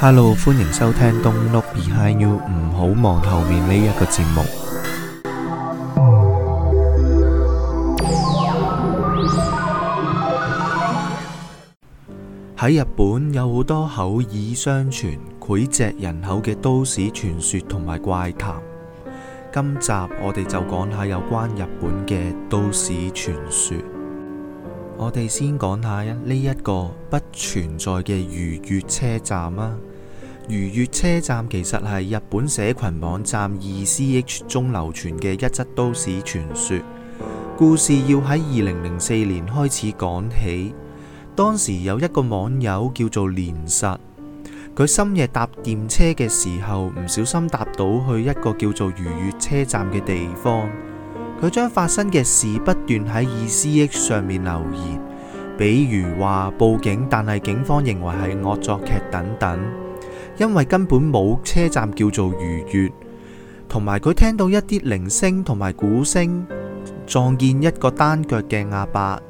Hello，歡迎收聽《Don't look behind you》，唔好望後面呢一個節目。喺 日本有好多口耳相傳、膾炙人口嘅都市傳說同埋怪談。今集我哋就講下有關日本嘅都市傳說。我哋先講下呢一個不存在嘅如月車站啊！如月車站其實係日本社群網站 2ch 中流傳嘅一則都市傳說。故事要喺二零零四年開始講起，當時有一個網友叫做連實。佢深夜搭電車嘅時候，唔小心搭到去一個叫做如月車站嘅地方。佢將發生嘅事不斷喺 2ch 上面留言，比如話報警，但係警方認為係惡作劇等等。因為根本冇車站叫做如月，同埋佢聽到一啲鈴聲同埋鼓聲，撞見一個單腳嘅阿伯。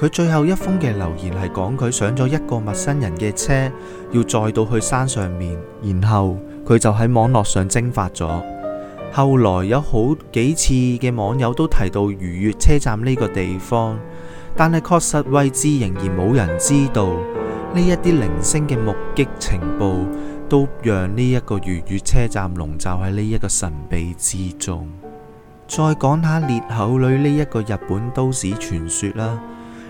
佢最後一封嘅留言係講佢上咗一個陌生人嘅車，要載到去山上面，然後佢就喺網絡上蒸發咗。後來有好幾次嘅網友都提到如月車站呢個地方，但係確實位置仍然冇人知道。呢一啲零星嘅目擊情報，都讓呢一個如月車站籠罩喺呢一個神秘之中。再講下裂口女呢一個日本都市傳說啦。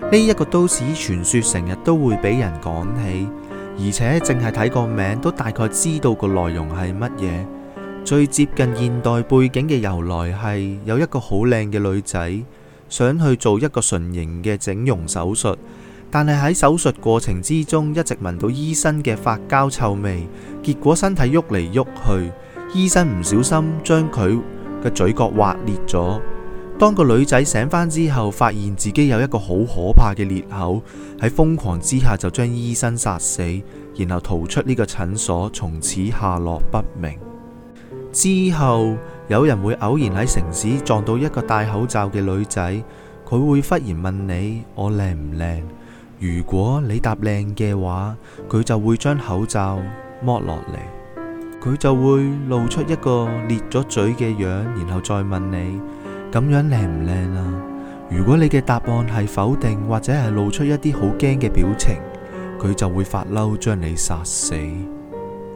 呢一個都市傳說成日都會俾人講起，而且淨係睇個名都大概知道個內容係乜嘢。最接近現代背景嘅由來係有一個好靚嘅女仔想去做一個唇形嘅整容手術，但係喺手術過程之中一直聞到醫生嘅髮膠臭味，結果身體喐嚟喐去，醫生唔小心將佢嘅嘴角劃裂咗。當個女仔醒翻之後，發現自己有一個好可怕嘅裂口，喺瘋狂之下就將醫生殺死，然後逃出呢個診所，從此下落不明。之後有人會偶然喺城市撞到一個戴口罩嘅女仔，佢會忽然問你：我靚唔靚？如果你答靚嘅話，佢就會將口罩剝落嚟，佢就會露出一個裂咗嘴嘅樣，然後再問你。咁樣靚唔靚啊？如果你嘅答案係否定，或者係露出一啲好驚嘅表情，佢就會發嬲將你殺死。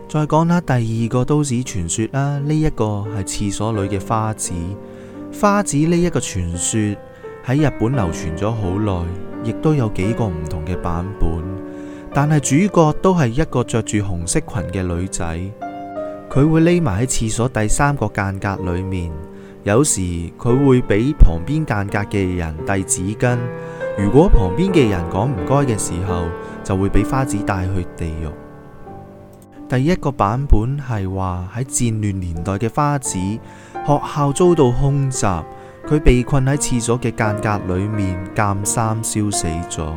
再講下第二個都市傳說啦，呢一個係廁所裏嘅花子。花子呢一個傳說喺日本流傳咗好耐，亦都有幾個唔同嘅版本，但係主角都係一個着住紅色裙嘅女仔，佢會匿埋喺廁所第三個間隔裏面。有時佢會俾旁邊間隔嘅人遞紙巾，如果旁邊嘅人講唔該嘅時候，就會俾花子帶去地獄。第一個版本係話喺戰亂年代嘅花子，學校遭到空襲，佢被困喺廁所嘅間隔裏面，監生燒死咗。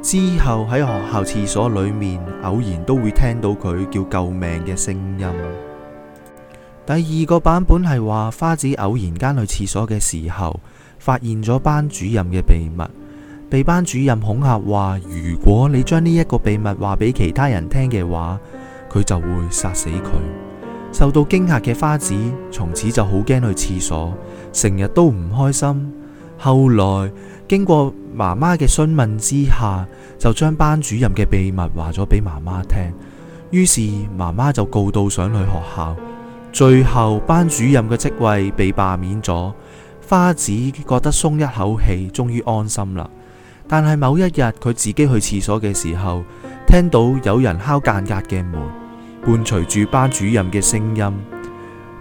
之後喺學校廁所裏面，偶然都會聽到佢叫救命嘅聲音。第二個版本係話，花子偶然間去廁所嘅時候，發現咗班主任嘅秘密，被班主任恐嚇話：如果你將呢一個秘密話俾其他人聽嘅話，佢就會殺死佢。受到驚嚇嘅花子從此就好驚去廁所，成日都唔開心。後來經過媽媽嘅詢問之下，就將班主任嘅秘密話咗俾媽媽聽，於是媽媽就告到上去學校。最後班主任嘅職位被罷免咗，花子覺得鬆一口氣，終於安心啦。但係某一日佢自己去廁所嘅時候，聽到有人敲間隔嘅門，伴隨住班主任嘅聲音，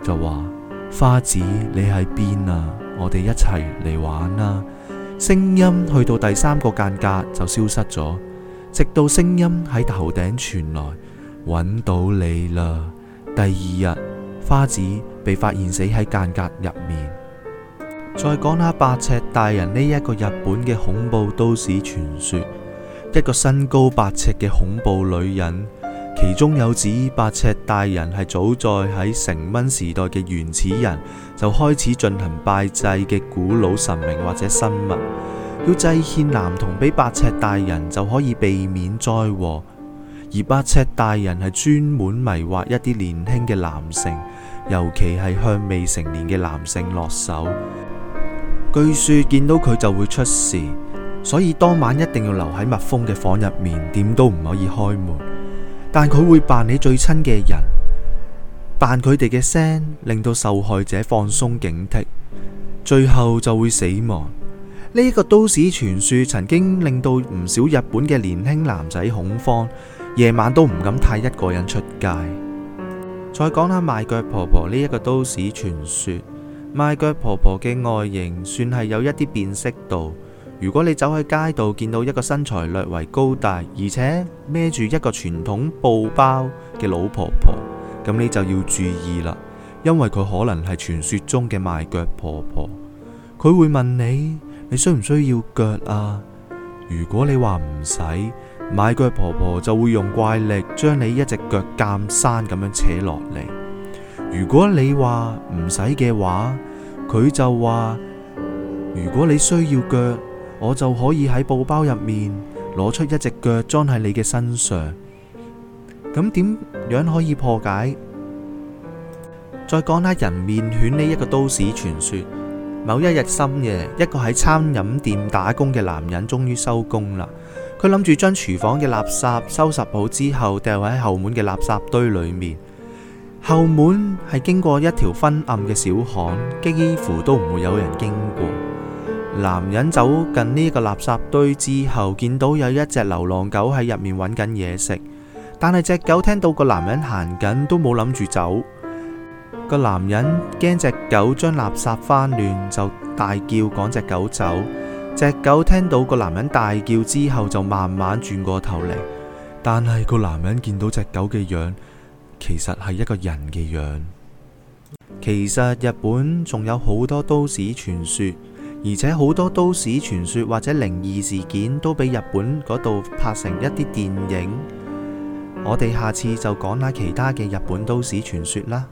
就話：花子你喺邊啊？我哋一齊嚟玩啦、啊！聲音去到第三個間隔就消失咗，直到聲音喺頭頂傳來，揾到你啦！第二日。花子被發現死喺間隔入面。再講下八尺大人呢一個日本嘅恐怖都市傳說，一個身高八尺嘅恐怖女人。其中有指八尺大人係早在喺繩文時代嘅原始人就開始進行拜祭嘅古老神明或者生物，要祭獻男童俾八尺大人就可以避免災禍。而八尺大人係專門迷惑一啲年輕嘅男性，尤其係向未成年嘅男性落手。據說見到佢就會出事，所以當晚一定要留喺密封嘅房入面，點都唔可以開門。但佢會扮你最親嘅人，扮佢哋嘅聲，令到受害者放鬆警惕，最後就會死亡。呢一個都市傳説曾經令到唔少日本嘅年輕男仔恐慌。夜晚都唔敢太一個人出街。再講下賣腳婆婆呢一個都市傳說，賣腳婆婆嘅外形算係有一啲辨識度。如果你走喺街度見到一個身材略為高大，而且孭住一個傳統布包嘅老婆婆，咁你就要注意啦，因為佢可能係傳說中嘅賣腳婆婆。佢會問你：你需唔需要腳啊？如果你話唔使，買腳婆婆就會用怪力將你一隻腳監生咁樣扯落嚟。如果你話唔使嘅話，佢就話：如果你需要腳，我就可以喺布包入面攞出一隻腳裝喺你嘅身上。咁點樣可以破解？再講下人面犬呢一個都市傳說。某一日深夜，一個喺餐飲店打工嘅男人終於收工啦。佢諗住將廚房嘅垃圾收拾好之後，掉喺後門嘅垃圾堆裏面。後門係經過一條昏暗嘅小巷，幾乎都唔會有人經過。男人走近呢個垃圾堆之後，見到有一隻流浪狗喺入面揾緊嘢食，但係隻狗聽到個男人行緊，都冇諗住走。個男人驚隻狗將垃圾翻亂，就大叫趕隻狗走。隻狗聽到個男人大叫之後，就慢慢轉過頭嚟。但係個男人見到隻狗嘅樣，其實係一個人嘅樣。其實日本仲有好多都市傳說，而且好多都市傳說或者靈異事件都俾日本嗰度拍成一啲電影。我哋下次就講下其他嘅日本都市傳說啦。